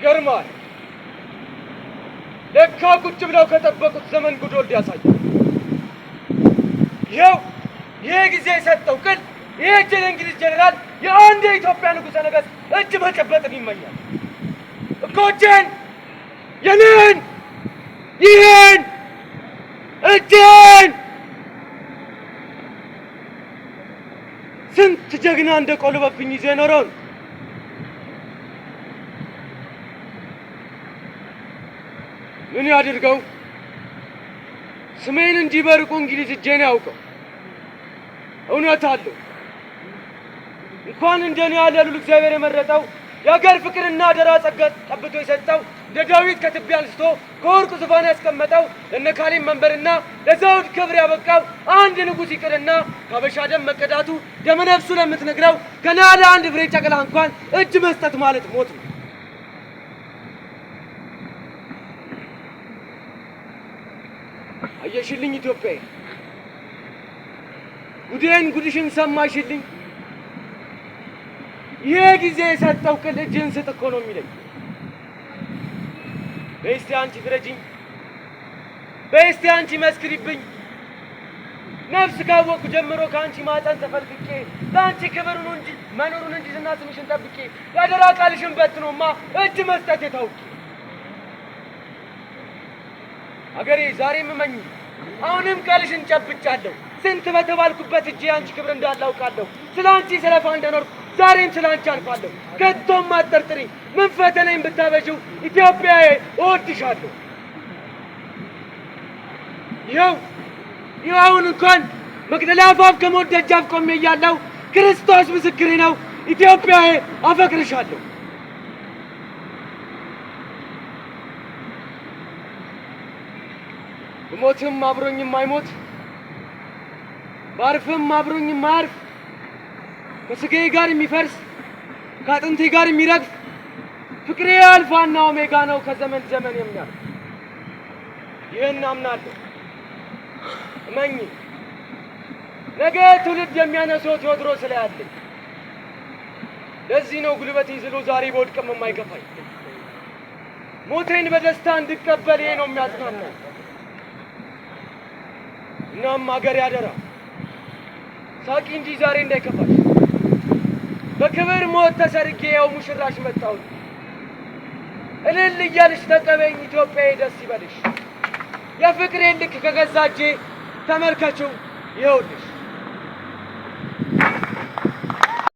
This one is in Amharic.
ይገርማል። ለካ ቁጭ ብለው ከጠበቁት ዘመን ጉድ ወልድ ያሳያል። ይኸው ይሄ ጊዜ የሰጠው ቅል ይህች እንግሊዝ ጀኔራል የአንድ የኢትዮጵያ ንጉሠ ነገሥት እጅ መጨበጥን ይመኛል። እኮችን የኔን ይህን እጅን ስንት ጀግና እንደ ቆልበብኝ ይዜ የኖረውን ምን ያድርገው? ስሜን እንዲበርቁ እንግሊዝ እጄን ያውቀው። እውነት አለው። እንኳን እንደኔ ያለ ሉሉ እግዚአብሔር የመረጠው የአገር ፍቅርና አደራ ጸጋ ጠብቶ የሰጠው እንደ ዳዊት ከትቢያ አንስቶ ከወርቁ ዙፋን ያስቀመጠው ለእነ ካሌብ መንበርና ለዘውድ ክብር ያበቃው አንድ ንጉሥ ይቅርና ከበሻ ደም መቀዳቱ ደመነፍሱ ለምትነግረው ገና ለአንድ ብሬ ጨቅላ እንኳን እጅ መስጠት ማለት ሞት ነው። አየሽልኝ ኢትዮጵያ፣ ጉዴን ጉድሽን ሰማሽልኝ። ይሄ ጊዜ የሰጠው ቅል እጅህን ስጥ እኮ ነው የሚለኝ። በስቲ አንቺ ፍረጅኝ፣ በስቲ አንቺ መስክሪብኝ። ነፍስ ካወቅኩ ጀምሮ ከአንቺ ማጠን ተፈልቅቄ ለአንቺ ክብሩን እንጂ መኖሩን እንጂ ዝና ስምሽን ጠብቄ ያደራ ቃልሽን በትኖማ እጅ መስጠት የታውቂ አገሬ ዛሬ ምመኝ አሁንም ቃልሽን ጨብጫለሁ። ስንት በተባልኩበት እጄ አንቺ ክብር እንዳላውቃለሁ ስለ አንቺ ስለፋ እንደኖርኩ ዛሬም ስለ አንቺ አልፋለሁ። ከቶም አጠርጥሪ ምን ፈተናኝ ብታበዥው ኢትዮጵያ እወድሻለሁ። ይኸው ይኸው አሁን እንኳን መቅደላ አፋፍ ከሞት ቆሜ እያለሁ ክርስቶስ ምስክሬ ነው ኢትዮጵያዬ አፈቅርሻለሁ። ብሞትም አብሮኝ የማይሞት ባርፍም አብሮኝ የማያርፍ ከስጋዬ ጋር የሚፈርስ ከአጥንቴ ጋር የሚረግፍ ፍቅሬ አልፋና ኦሜጋ ነው ከዘመን ዘመን የሚያል ይህን አምናለሁ። እመኝ ነገ ትውልድ የሚያነሰው ቴዎድሮስ ላይ አለኝ። ለዚህ ነው ጉልበት ይዝሎ ዛሬ በወድቅም የማይከፋኝ ሞቴን በደስታ እንድቀበል ይሄ ነው የሚያጽናናኝ። እናም አገር ያደራ ሳቂ እንጂ ዛሬ እንዳይከፋሽ። በክብር ሞት ተሰርጌ ያው ሙሽራሽ መጣሁ። እልል እያልሽ ተቀበኝ ኢትዮጵያዬ፣ ደስ ይበልሽ። የፍቅሬን ልክ ከገዛ ተመልከችው ይኸውልሽ